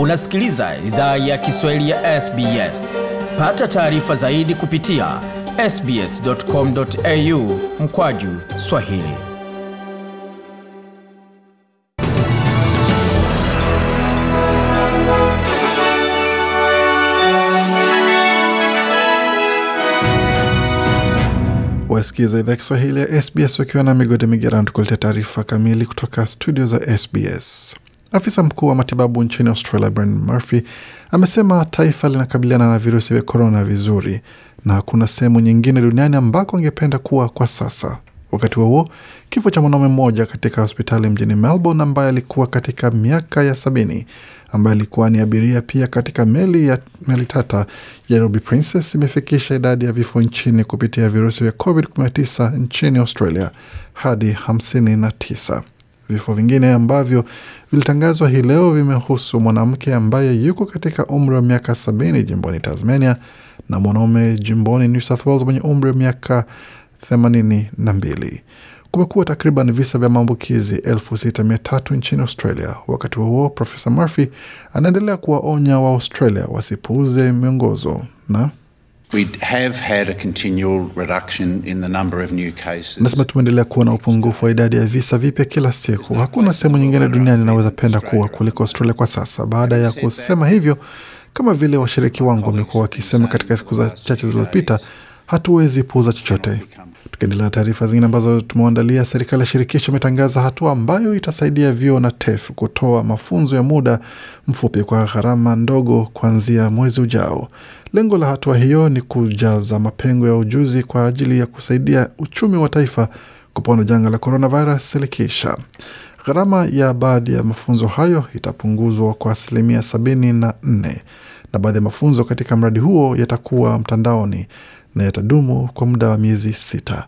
Unasikiliza idhaa ya Kiswahili ya SBS. Pata taarifa zaidi kupitia sbs.com.au mkwaju Swahili. wasikiliza idhaa Kiswahili ya SBS wakiwa na migode migerano, tukuletea taarifa kamili kutoka studio za SBS. Afisa mkuu wa matibabu nchini Australia Brian Murphy amesema taifa linakabiliana na virusi vya korona vizuri na hakuna sehemu nyingine duniani ambako angependa kuwa kwa sasa. Wakati huo huo, kifo cha mwanaume mmoja katika hospitali mjini Melbourne ambaye alikuwa katika miaka ya sabini ambaye alikuwa ni abiria pia katika meli ya meli tata ya Nairobi Princess imefikisha idadi ya vifo nchini kupitia virusi vya COVID-19 nchini Australia hadi 59. Vifo vingine ambavyo vilitangazwa hii leo vimehusu mwanamke ambaye yuko katika umri wa miaka sabini jimboni Tasmania na mwanaume jimboni New South Wales mwenye umri wa miaka themanini na mbili. Kumekuwa takriban visa vya maambukizi tatu nchini Australia. Wakati huo Profesa Murphy anaendelea kuwaonya wa Australia wasipuuze miongozo na Nasema tumeendelea kuwa na upungufu wa idadi ya visa vipya kila siku. Hakuna sehemu nyingine duniani inaweza penda kuwa kuliko Australia kwa sasa. Baada ya kusema hivyo, kama vile washiriki wangu wamekuwa wakisema katika siku za chache zilizopita, hatuwezi puuza chochote. Tukiendelea na taarifa zingine ambazo tumeandalia, serikali ya shirikisho imetangaza hatua ambayo itasaidia vyuo na TEF kutoa mafunzo ya muda mfupi kwa gharama ndogo kuanzia mwezi ujao. Lengo la hatua hiyo ni kujaza mapengo ya ujuzi kwa ajili ya kusaidia uchumi wa taifa kupona janga la coronavirus likiisha. Gharama ya baadhi ya mafunzo hayo itapunguzwa kwa asilimia sabini na nne na baadhi ya mafunzo katika mradi huo yatakuwa mtandaoni na yatadumu kwa muda wa miezi sita.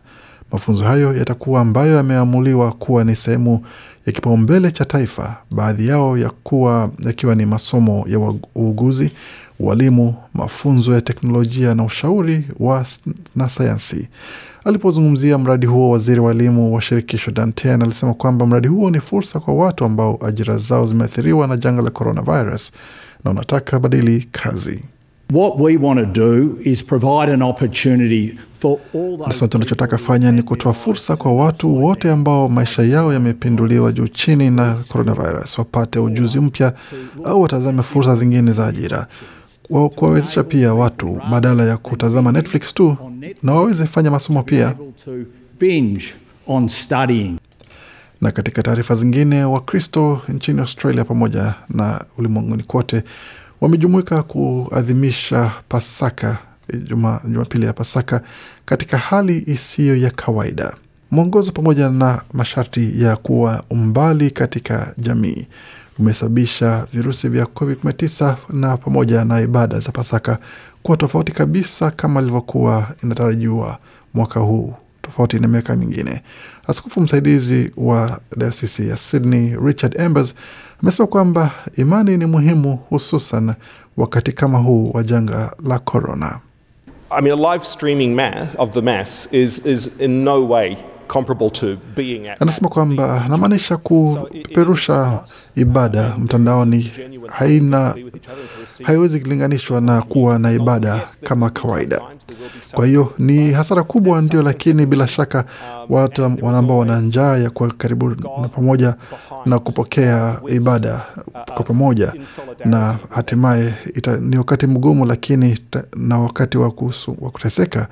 Mafunzo hayo yatakuwa ambayo yameamuliwa kuwa ni sehemu ya kipaumbele cha taifa, baadhi yao yakuwa yakiwa ni masomo ya uuguzi, ualimu, mafunzo ya teknolojia na ushauri wa na sayansi. Alipozungumzia mradi huo, waziri wa elimu wa shirikisho Danten alisema kwamba mradi huo ni fursa kwa watu ambao ajira zao zimeathiriwa na janga la coronavirus na unataka badili kazi. Nasema tunachotaka fanya ni kutoa fursa kwa watu wote ambao maisha yao yamepinduliwa juu chini na coronavirus, wapate ujuzi mpya au watazame fursa zingine za ajira, kuwawezesha pia watu badala ya kutazama Netflix tu, na waweze fanya masomo pia. Na katika taarifa zingine, Wakristo nchini Australia pamoja na ulimwenguni kote wamejumuika kuadhimisha Pasaka eh, Jumapili ya Pasaka katika hali isiyo ya kawaida. Mwongozo pamoja na masharti ya kuwa umbali katika jamii umesababisha virusi vya COVID-19 na pamoja na ibada za Pasaka kuwa tofauti kabisa kama ilivyokuwa inatarajiwa mwaka huu tofauti na miaka mingine. Askofu msaidizi wa dayosisi ya Sydney Richard Embers amesema kwamba imani ni muhimu hususan wakati kama huu wa janga la korona. I mean, a live streaming mass of the mass is, is in no way Anasema kwamba namaanisha kupeperusha ibada mtandaoni haina haiwezi kulinganishwa na kuwa na ibada kama kawaida. Kwa hiyo ni hasara kubwa, ndio, lakini bila shaka um, watu ambao wana njaa ya kuwa karibu na pamoja na kupokea uh, ibada uh, kwa pamoja, na hatimaye ni wakati mgumu, lakini na wakati wa kuteseka,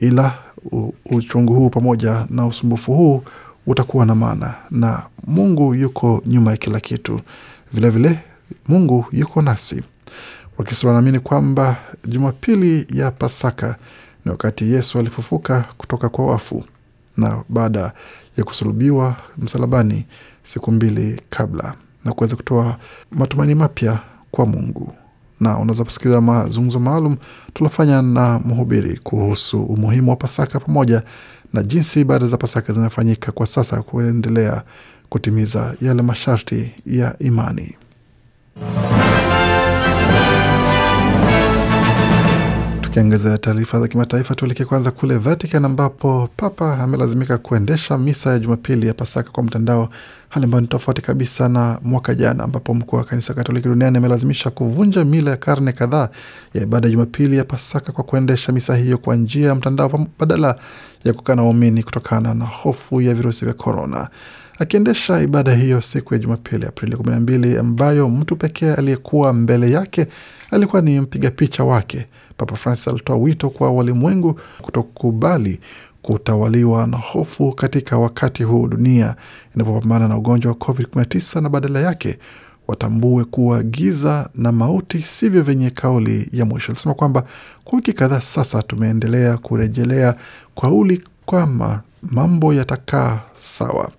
ila uchungu huu pamoja na usumbufu huu utakuwa na maana, na Mungu yuko nyuma ya kila kitu. Vilevile vile, Mungu yuko nasi. Wakristo wanaamini kwamba Jumapili ya Pasaka ni wakati Yesu alifufuka kutoka kwa wafu na baada ya kusulubiwa msalabani siku mbili kabla na kuweza kutoa matumaini mapya kwa Mungu na unaweza kusikiliza mazungumzo maalum tulofanya na mhubiri kuhusu umuhimu wa Pasaka pamoja na jinsi ibada za Pasaka zinafanyika kwa sasa kuendelea kutimiza yale masharti ya imani. Tukiangazia taarifa za kimataifa, tuelekee kwanza kule Vatican ambapo Papa amelazimika kuendesha misa ya Jumapili ya Pasaka kwa mtandao, hali ambayo ni tofauti kabisa na mwaka jana, ambapo mkuu wa kanisa Katoliki duniani amelazimisha kuvunja mila ya karne kadhaa ya ibada ya Jumapili ya Pasaka kwa kuendesha misa hiyo kwa njia ya mtandao badala ya kukaa na waumini kutokana na hofu ya virusi vya korona akiendesha ibada hiyo siku ya Jumapili, Aprili 12, ambayo mtu pekee aliyekuwa mbele yake alikuwa ni mpiga picha wake. Papa Francis alitoa wito kwa walimwengu kutokubali kutawaliwa na hofu katika wakati huu dunia inapopambana na ugonjwa wa COVID-19 na badala yake watambue kuwa giza na mauti sivyo vyenye kauli ya mwisho. Alisema kwamba kwa wiki kadhaa sasa tumeendelea kurejelea kauli kwamba mambo yatakaa sawa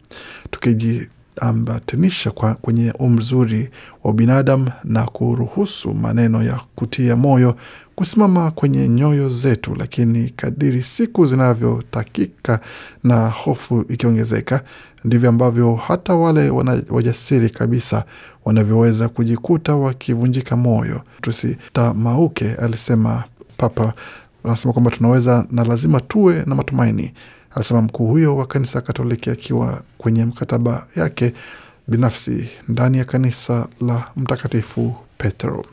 tukijiambatanisha kwenye umzuri wa ubinadamu na kuruhusu maneno ya kutia moyo kusimama kwenye nyoyo zetu. Lakini kadiri siku zinavyotakika na hofu ikiongezeka, ndivyo ambavyo hata wale wajasiri kabisa wanavyoweza kujikuta wakivunjika moyo. Tusitamauke, alisema Papa anasema kwamba tunaweza na lazima tuwe na matumaini, alisema mkuu huyo wa kanisa Katoliki akiwa kwenye mkataba yake binafsi ndani ya kanisa la Mtakatifu Petro.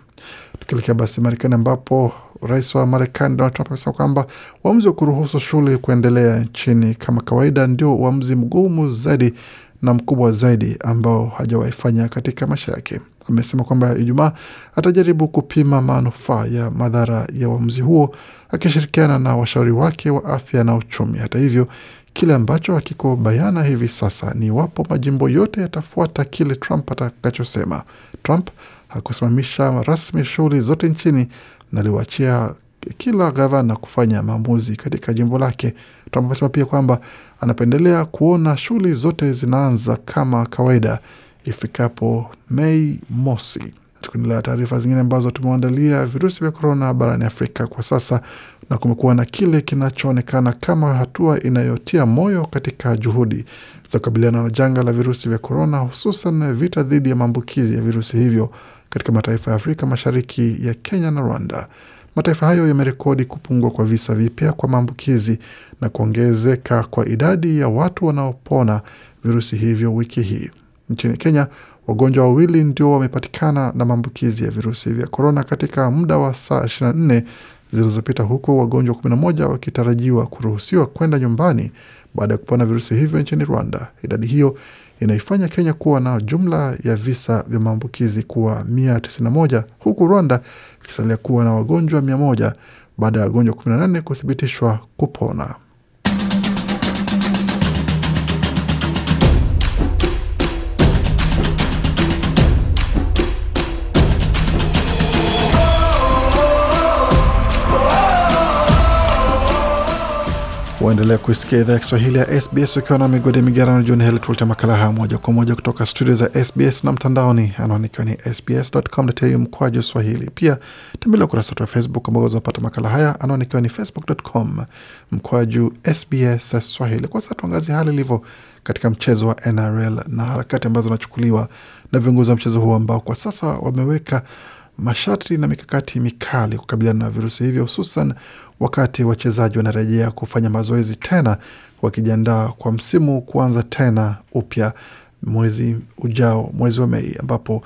Tukielekea basi Marekani, ambapo rais wa Marekani Donald Trump amesema kwamba uamuzi wa kuruhusu shule kuendelea nchini kama kawaida ndio uamuzi mgumu zaidi na mkubwa zaidi ambao hajawahi fanya katika maisha yake amesema kwamba Ijumaa atajaribu kupima manufaa ya madhara ya uamuzi huo akishirikiana na washauri wake wa afya na uchumi. Hata hivyo, kile ambacho hakiko bayana hivi sasa ni iwapo majimbo yote yatafuata kile Trump atakachosema. Trump hakusimamisha rasmi shughuli zote nchini na aliwaachia kila gavana kufanya maamuzi katika jimbo lake. Trump amesema pia kwamba anapendelea kuona shughuli zote zinaanza kama kawaida ifikapo Mei mosi. Tukiendelea taarifa zingine ambazo tumeandalia, virusi vya korona barani Afrika kwa sasa, na kumekuwa na kile kinachoonekana kama hatua inayotia moyo katika juhudi za kukabiliana na janga la virusi vya korona, hususan vita dhidi ya maambukizi ya virusi hivyo katika mataifa ya Afrika Mashariki ya Kenya na Rwanda. Mataifa hayo yamerekodi kupungua kwa visa vipya kwa maambukizi na kuongezeka kwa idadi ya watu wanaopona virusi hivyo wiki hii. Nchini Kenya, wagonjwa wawili ndio wamepatikana na maambukizi ya virusi vya korona katika muda wa saa 24 zilizopita, huku wagonjwa 11 wakitarajiwa kuruhusiwa kwenda nyumbani baada ya kupona virusi hivyo nchini Rwanda. Idadi hiyo inaifanya Kenya kuwa na jumla ya visa vya maambukizi kuwa 191 huku Rwanda ikisalia kuwa na wagonjwa 100 baada ya wagonjwa 18 kuthibitishwa kupona. Waendelea kuisikia idhaa ya Kiswahili ya SBS ukiwa na migodi migarano juni hili, tulete makala haya moja kwa moja kutoka studio za SBS na mtandaoni, anwani ikiwa ni sbs.com.au mkwaju swahili. Pia tembelea ukurasa wetu wa Facebook ambao uzapata makala haya, anwani ikiwa ni facebook.com mkwaju SBS swahili. Kwa sasa tuangazie hali ilivyo katika mchezo wa NRL na harakati ambazo zinachukuliwa na viongozi wa mchezo huo ambao kwa sasa wameweka masharti na mikakati mikali kukabiliana na virusi hivyo, hususan wakati wachezaji wanarejea kufanya mazoezi tena, wakijiandaa kwa msimu kuanza tena upya mwezi ujao, mwezi wa Mei, ambapo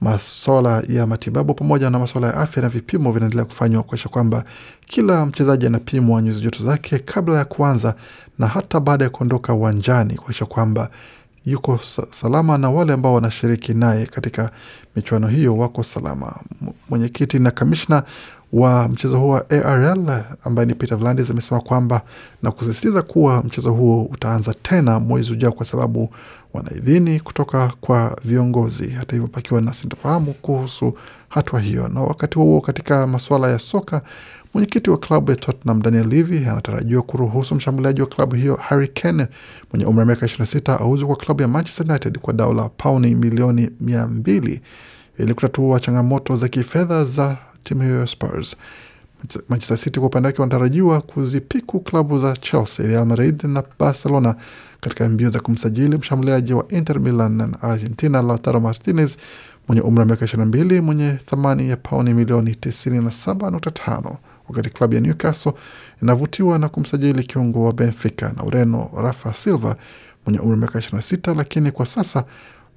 maswala ya matibabu pamoja na maswala ya afya na vipimo vinaendelea kufanywa kuakisha kwamba kila mchezaji anapimwa nyuzi joto zake kabla ya kuanza na hata baada ya kuondoka uwanjani kuakisha kwamba yuko salama na wale ambao wanashiriki naye katika michuano hiyo wako salama. Mwenyekiti na kamishna wa mchezo huo wa ARL ambaye ni Peter Vlandis amesema kwamba na kusisitiza kuwa mchezo huo utaanza tena mwezi ujao kwa sababu wanaidhini kutoka kwa viongozi. Hata hivyo, pakiwa na sintofahamu kuhusu hatua hiyo. Na wakati huo, katika masuala ya soka, mwenyekiti wa klabu ya Tottenham Daniel Levy anatarajiwa kuruhusu mshambuliaji wa klabu hiyo Harry Kane mwenye umri wa miaka 26 auzu kwa klabu ya Manchester United kwa dau la pauni milioni 2 ili kutatua changamoto za kifedha za timu hiyo ya Spurs. Manchester City kwa upande wake wanatarajiwa kuzipiku klabu za Chelsea, Real Madrid na Barcelona katika mbio za kumsajili mshambuliaji wa Inter Milan na Argentina Lautaro Martinez mwenye umri wa miaka 22 mwenye thamani ya pauni milioni 97.5, wakati klabu ya Newcastle inavutiwa na kumsajili kiungo wa Benfica na Ureno Rafa Silva mwenye umri wa miaka 26, lakini kwa sasa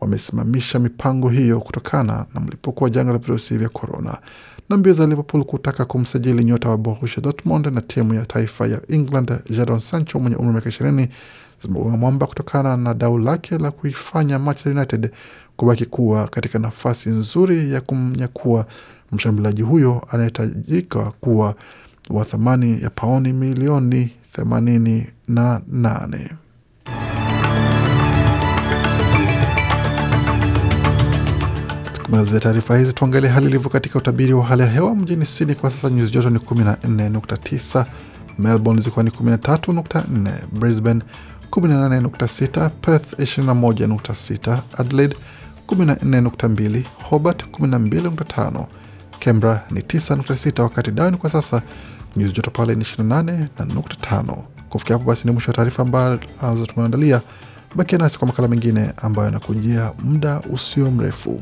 wamesimamisha mipango hiyo kutokana na mlipuko wa janga la virusi vya korona. Na mbio za Liverpool kutaka kumsajili nyota wa Borussia Dortmund na timu ya taifa ya England Jadon Sancho mwenye umri wa miaka ishirini zimeuma mwamba kutokana na dau lake la kuifanya Manchester United kubaki kuwa katika nafasi nzuri ya kumnyakua mshambuliaji huyo anayetajika kuwa wa thamani ya paoni milioni themanini na nane. Tumalizia taarifa hizi, tuangalie hali ilivyo katika utabiri wa hali ya hewa mjini Sydney. Kwa sasa nyuzi joto ni 14.9, Melbourne zikiwa ni 13.4, Brisbane 18.6, Perth 21.6, Adelaide 14.2, Hobart 12.5, Canberra ni 9.6, wakati Darwin kwa sasa nyuzi joto pale ni 28.5. Kufikia hapo basi, ni mwisho wa taarifa ambazo tumeandalia. Bakia nasi kwa makala mengine ambayo yanakujia muda usio mrefu